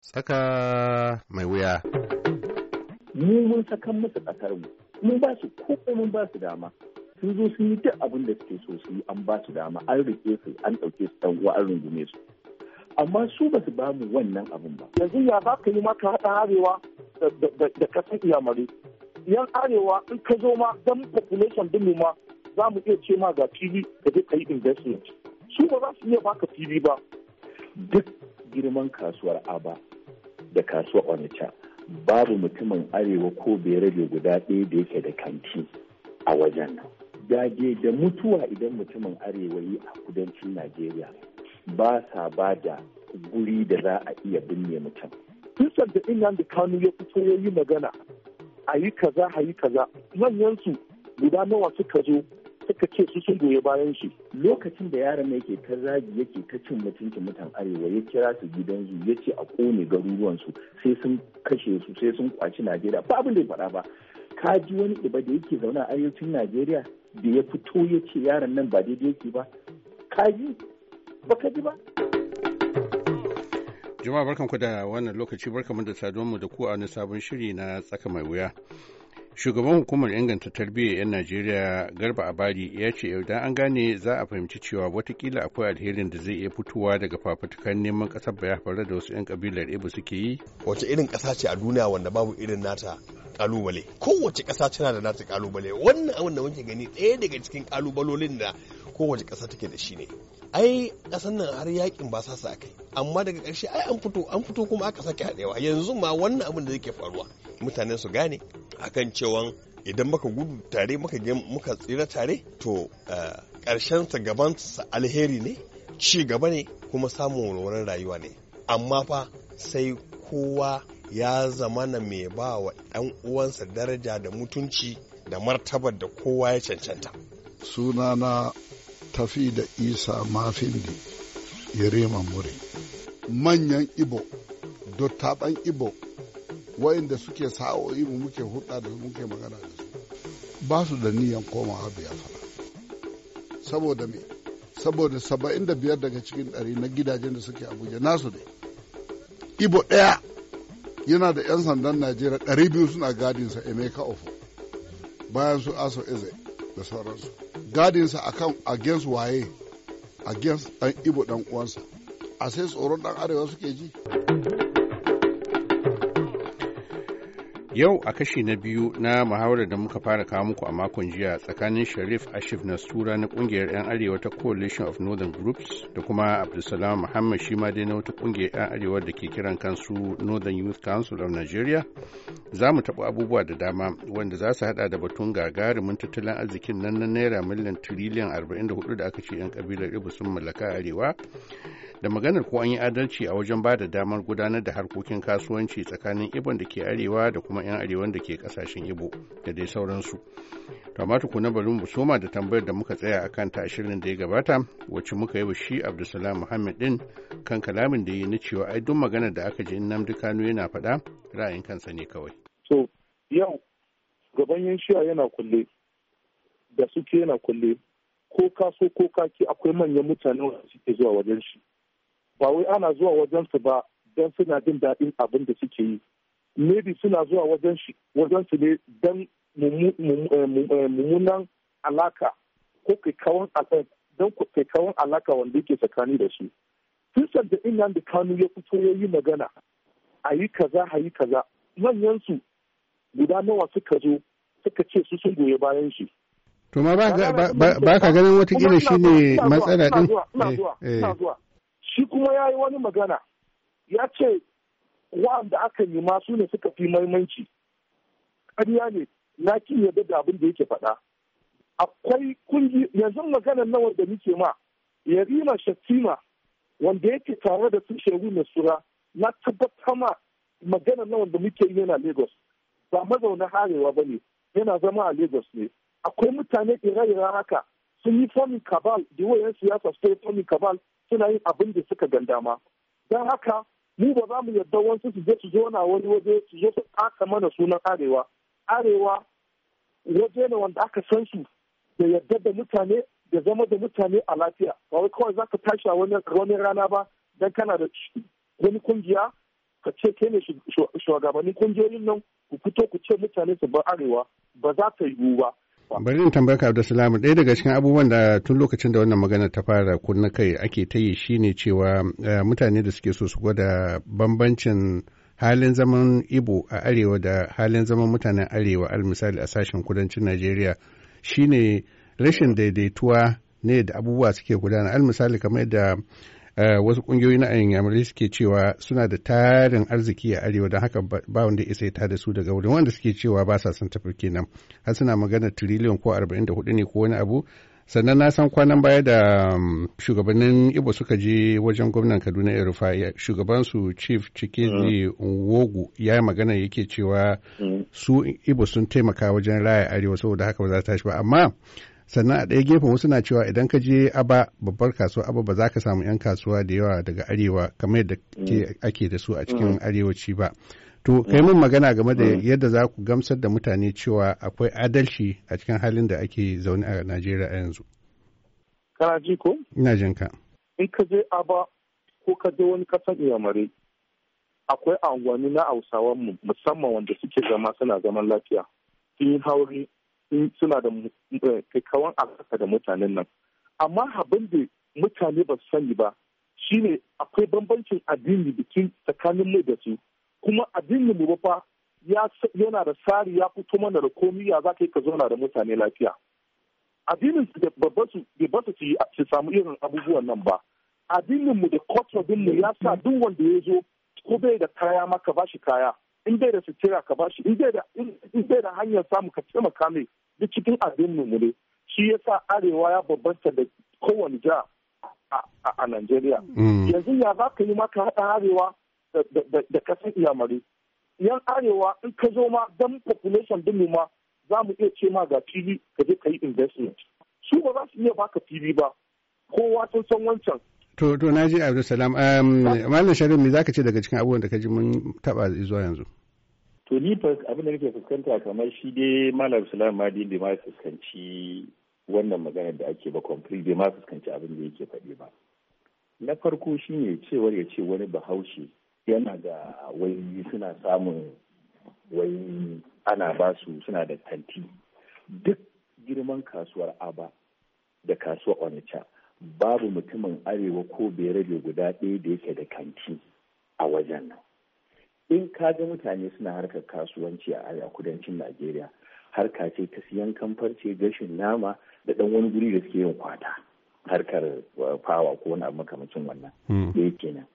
Saka mai wuya. Ni mun sakan musu ƙasar mu, mun ba su komai mun ba su dama. Sun zo sun yi duk abin da suke so su yi an ba su dama, an rike su, an ɗauke su ɗan uwa, an rungume su. Amma su ba su ba mu wannan abin ba. Yanzu ya za ka yi maka haɗa arewa da ƙasar iyamare. Yan arewa in ka zo ma dan population mu ma za mu iya ce ma ga TV ka je ka yi investment. Su ba za su iya baka TV ba. Duk girman kasuwar aba da kasuwa onitsha babu mutumin arewa ko berebe guda ɗaya da yake da kanti a wajen nan dage da mutuwa idan mutumin arewa yi a kudancin najeriya ba sa ba da guri da za a iya binne mutum Tusar da inyan da kanu ya fito ya yi magana a yi kaza a yi kaza manyansu guda nawa suka zo suka ce su sun goyi bayan shi lokacin da yaron yake ta zagi yake ta cin mutuncin mutan arewa ya kira su gidan zu ya ce a kone garuruwan su sai sun kashe su sai sun kwaci najeriya ba abin da ya faɗa ba ka ji wani iba da yake zauna a arewacin najeriya da ya fito ya ce yaron nan ba daidai yake ba ka ji ba ka ji ba Jama'a barkanku da wannan lokaci mu da saduwanmu da ku a wani sabon shiri na tsaka mai wuya. shugaban hukumar inganta tarbiyyar 'yan najeriya garba bari ya ce idan an gane za a fahimci cewa watakila akwai alherin da zai iya fitowa daga fafutukan neman kasar bayafara da wasu 'yan kabilar ibo suke yi wace irin kasa ce a duniya wanda babu irin nata kalubale kowace kasa tana da nata kalubale wannan abin da muke gani ɗaya daga cikin kalubalolin da kowace kasa take da shi ne ai kasan nan har yakin ba sa sa kai amma daga ƙarshe ai an fito an fito kuma aka sake haɗewa yanzu ma wannan abin da yake faruwa mutane su gane akan cewa idan muka gudu tare muka tsira tare to eh, ƙarshensa gabansa alheri ne ci gaba ne kuma samun wurin rayuwa ne amma fa sai kowa ya zama na mai ba wa ɗan uwansa daraja da mutunci da martabar da kowa ya cancanta sunana tafi da isa mafindi yarema mure manyan ibo dottaban ibo wayanda suke sa'o'i mu muke hudda da muke magana da su ba su da niyan komawa biyafra saboda me saboda saba'in da biyar daga cikin ɗari na gidajen da suke abuja nasu ne ibo ɗaya yana da 'yan sandan najeriya ɗari biyu suna gadinsa emeka ofo bayan su aso eze da sauransu gadinsa akan agens waye agens ɗan ibo ɗan uwansa a sai tsoron ɗan arewa suke ji. Yau a kashi na biyu na muhawarar da muka fara kawo muku a makon jiya tsakanin Sharif Ashif sura na kungiyar 'yan Arewa ta Coalition of Northern Groups da kuma Abdulsalam Muhammad shi ma dai na wata kungiyar 'yan Arewa da ke kiran kansu Northern Youth Council of Nigeria za mu taɓa abubuwa da dama wanda za su hada da batun gagarumin tattalin arzikin nan na naira miliyan tiriliyan 44 da aka ce 'yan kabilar Ibu sun mallaka Arewa da maganar ko an yi adalci a wajen ba da damar gudanar da harkokin kasuwanci tsakanin Ibon da ke Arewa da kuma kuma 'yan arewan da ke kasashen ibo da dai sauransu to amma tukuna bari mu soma da tambayar da muka tsaya a kan shirin da ya gabata wacce muka yi wa shi abdulsalam muhammad din kan kalamin da ya yi na cewa ai duk maganar da aka ji in namdi kano yana faɗa ra'ayin kansa ne kawai to yau gaban yan shi'a yana kulle da suke yana kulle ko ka so ko ka ki akwai manyan mutane wanda suke zuwa wajen shi ba wai ana zuwa wajen su ba don suna jin daɗin abin da suke yi maybe suna zuwa wajen shi wajen su ne don eh, eh, mummunan alaka ko kyakkyawan alaka don kyakkyawan alaka wanda yake tsakani da su tun sanda inland da kanu ya fito ya yi magana a yi kaza a yi kaza manyan su guda nawa suka zo suka ce su sun goye bayan shi to ma ba ka ganin watakila shi ne matsala din eh, shi kuma ya yi wani magana ya ce wa'anda aka yi ma su ne suka fi maimanci ƙarya ne na ki yadda da abin da yake faɗa akwai kungi yanzu maganar nawa da muke ma yarima shatima wanda yake tare da su mai sura na tabbatar ma maganar nawa da muke yana lagos ba mazauna harewa ba ne yana zama a lagos ne akwai mutane ire-iren haka sun yi fomin kabal da wayan siyasa su yi fomin kabal suna yin abin da suka gandama don haka mu ba za mu yarda wasu su je su zo na wani waje su zo su aka mana sunan arewa arewa waje ne wanda aka san su da yarda da mutane da zama da mutane a lafiya ba wai kawai zaka tashi a wani rana ba dan kana da wani kungiya ka ce ke ne shugabannin kungiyoyin nan ku fito ku ce mutane su bar arewa ba za ka yiwu ba bari in tambayar ka Salamu ɗaya daga cikin abubuwan da tun lokacin da wannan magana ta fara kunna kai ake ta yi shine cewa eh, mutane da suke so su gwada bambancin halin zaman Ibo a arewa da halin zaman mutanen arewa al misali a sashen kudancin Najeriya shine rashin daidaituwa ne da abubuwa suke gudana al misali kamar da Eh, wasu kungiyoyi na yamurai suke cewa suna da tarin arziki a arewa don haka ba wanda isa ya tada su daga wurin wanda suke cewa ba sa son tafi kenan har suna magana tiriliyon ko arba'in hudu ne ko wani abu sannan na san kwanan baya da um, shugabannin ibo suka je wajen gwamnan kaduna ya irufa shugabansu chief cikezi mm. wogu ya yi magana yake cewa mm. su ibo sun taimaka wajen raya arewa saboda haka ba za ta shi ba amma sannan a ɗaya gefen wasu na cewa idan ka je aba babbar kasuwa aba ba za ka samu 'yan kasuwa da yawa daga arewa kamar yadda mm. ake da su a cikin mm. arewaci ba to kai mun mm. magana game da yadda za ku gamsar da mutane cewa akwai adalci a cikin halin da ake zaune a najeriya a yanzu kana ji ko ina jin ka in ka je aba ko ka je wani kasan iyamare akwai anguwanni na hausawan mu musamman wanda suke zama suna zaman lafiya sun hauri suna da eh, kyakkyawan alaka da mutanen nan amma abin da mutane ba su sani ba shine akwai bambancin addini bikin tsakanin mu da su kuma addinin mu fa yana da tsari ya fito mana da komi ya za ka yi ka zauna da mutane lafiya addinin su da babba su ba su samu irin abubuwan nan ba addinin mu da kotu mu ya sa duk wanda ya zo ko bai da kaya maka ba shi kaya in dai da sutura ka bashi in bai da hanyar samu ka taimaka mai duk cikin abin mu ne shi yasa arewa ya babbanta da kowane ja a Najeriya. Mm. Yanzu ya za ka yi maka haɗa arewa da kasan iyamari. Yan arewa in ka zo ma don population din ma za mu iya ce ma ga tv ka je ka yi investment. Su ba za su iya baka tv ba. Kowa sun san wancan To, to, na ji Abdulsalam. Malam Sharif, me za ka ce daga cikin abubuwan da ka ji mun taɓa zuwa yanzu? To, ni abin da nake fuskanta kamar shi dai Malam salam ma dai bai ma fuskanci wannan maganar da ake ba complete bai ma fuskanci abin da yake faɗi ba. Na farko shi ne cewar ya ce wani bahaushe yana da wai suna samun wai ana ba su suna da tanti. Duk girman kasuwar aba da kasuwar onitsha babu mutumin arewa ko bai rage guda ɗaya da yake da kanti a wajen nan in ka ga mutane suna harkar kasuwanci a arewa kudancin najeriya harka ce ta siyan kamfar ce gashin nama da ɗan wani guri da suke yin kwata harkar fawa uh, ko wani abu makamacin wannan hmm. da yake nan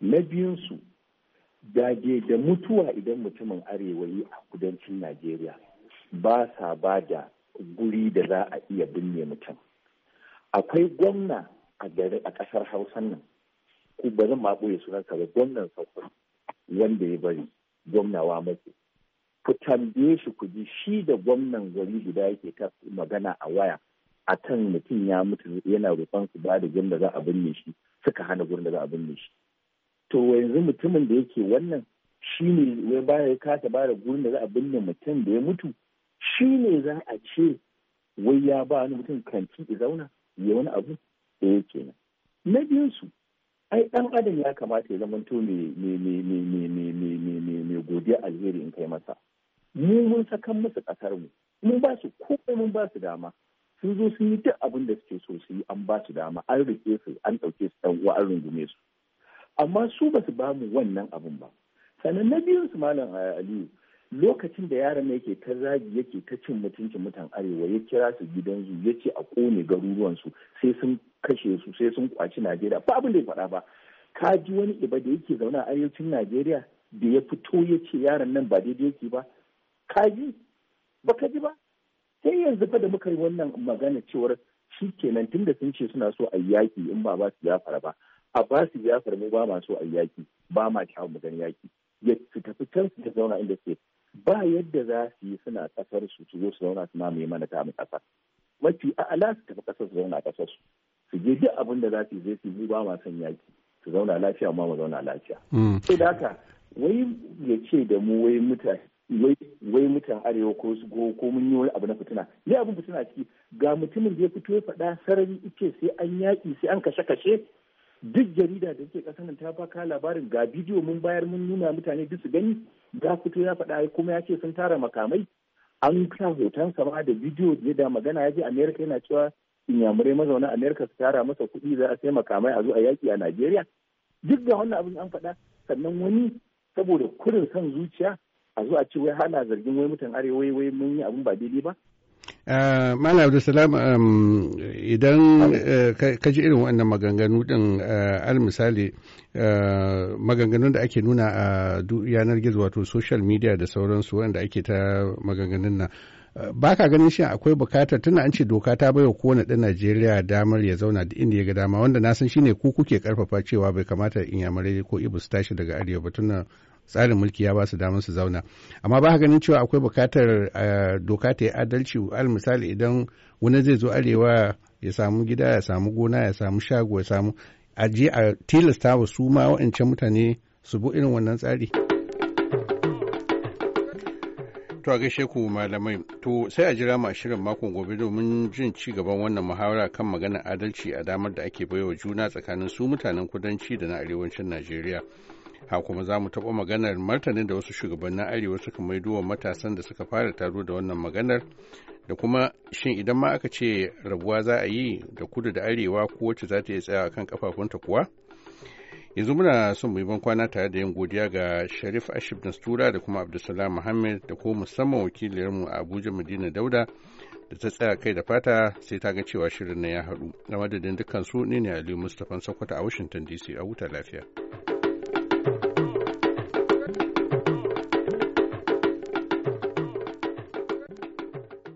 na biyunsu dage da mutuwa idan mutumin arewa yi a kudancin najeriya ba sa ba da guri da za a iya binne mutum akwai gwamna a gari a ƙasar hausan nan ku ba zan ma ɓoye ka ba gwamnan sauƙi wanda ya bari gwamnawa mace ku tambaye shi ku ji shi da gwamnan gari guda yake ta magana a waya a kan mutum ya mutu yana roƙon su ba da gurin za a binne shi suka hana gurin da za a binne shi to yanzu mutumin da yake wannan shi ne wai baya ya kasa ba da gurin da za a binne mutum da ya mutu shi ne za a ce wai ya ba wani mutum kanti ya zauna ya wani abu eh kenan na biyun su ai ɗan adam ya kamata ya zamanto mai godiya alheri in kai masa mu mun sakan musu kasar mu mun ba su komai mun ba su dama sun zo sun yi duk abin da suke so su yi an ba su dama an rike su an ɗauke su ɗan uwa an rungume su amma su ba su ba mu wannan abin ba sannan na biyun su malam aliyu lokacin da yaron yake ta zagi yake ta cin mutuncin mutan arewa ya kira su gidan gidansu ya ce a kone garuruwansu sai sun kashe su sai sun kwaci najeriya ba abin da ya faɗa ba ka ji wani iba da yake zaune a arewacin najeriya da ya fito ya ce yaran nan ba daidai yake ba ka ji ba ka ji ba sai yanzu fa da muka yi wannan magana cewar shi kenan tun da sun ce suna so a yaki in ba ba su fara ba a ba su fara mu ba ma so a yaki ba ma kyawun magana yaki ya su tafi can su zauna inda suke ba yadda za su yi suna kasar su su zo su zauna su mamaye mana ta mu kasa mafi a'ala su tafi kasar su zauna kasar su su je duk abin da za su yi su yi ba ma son yaki su zauna lafiya ma mu zauna lafiya mm. sai da haka wai ya ce da mu wai mutane wai mutan arewa ko su go ko mun yi wani abu na fitina ya abin fitina ciki ga mutumin da ya fito ya faɗa sarari ice sai an yaki sai an kashe kashe duk jarida da ke kasar nan ta baka labarin ga bidiyo mun bayar mun nuna mutane duk su gani ga fito ya faɗa kuma ya ce sun tara makamai an sa hoton sama da bidiyo da da magana ya je amerika yana cewa inyamurai mazauna amerika su tara masa kuɗi za a sai makamai a zo a yaƙi a najeriya duk da wannan abin an faɗa sannan wani saboda kurin son zuciya a zo a ce wai hana zargin wai mutan arewa wai mun yi abin ba daidai ba Malam Abdulsalam um, idan uh, ka ji irin wannan maganganu din uh, al misali uh, maganganun da ake nuna a yanar gizo wato social media da sauransu wanda ake ta maganganun nan ba ka ganin shi akwai bukatar tana an ce doka ta baiwa kowane ɗan najeriya damar ya zauna da inda ya ga dama wanda na san shine ku kuke karfafa cewa bai kamata inyamurai ko ibu su tashi daga arewa ba tunan tsarin mulki ya ba su damar su zauna amma ba ganin cewa akwai bukatar doka ta yi adalci al misali idan wani zai zo arewa ya samu gida ya samu gona ya samu shago ya samu je a tilasta wa su ma waɗancan mutane su bu irin wannan tsari. To a gaishe ku malamai, to sai a jira mu shirin makon gobe domin jin ci gaban wannan muhawara kan maganar adalci a damar da ake baiwa juna tsakanin su mutanen kudanci da na arewacin Najeriya. Ha kuma za mu taɓa maganar martanin da wasu shugabannin arewa suka maido wa matasan da suka fara taro da wannan maganar da kuma shin idan ma aka ce rabuwa za a yi da kudu da arewa ko wacce za ta iya tsaya kan kafafunta kuwa? yanzu muna son muyi ban kwana tare da yin godiya ga sharif ashif nastura da kuma abdulsalam muhammad da ko musamman wakilinmu a abuja madina dauda da ta tsaya kai da fata sai ta ga cewa shirin na ya haɗu na madadin dukkan su ne ne aliyu mustapha sokoto a washington dc a huta lafiya.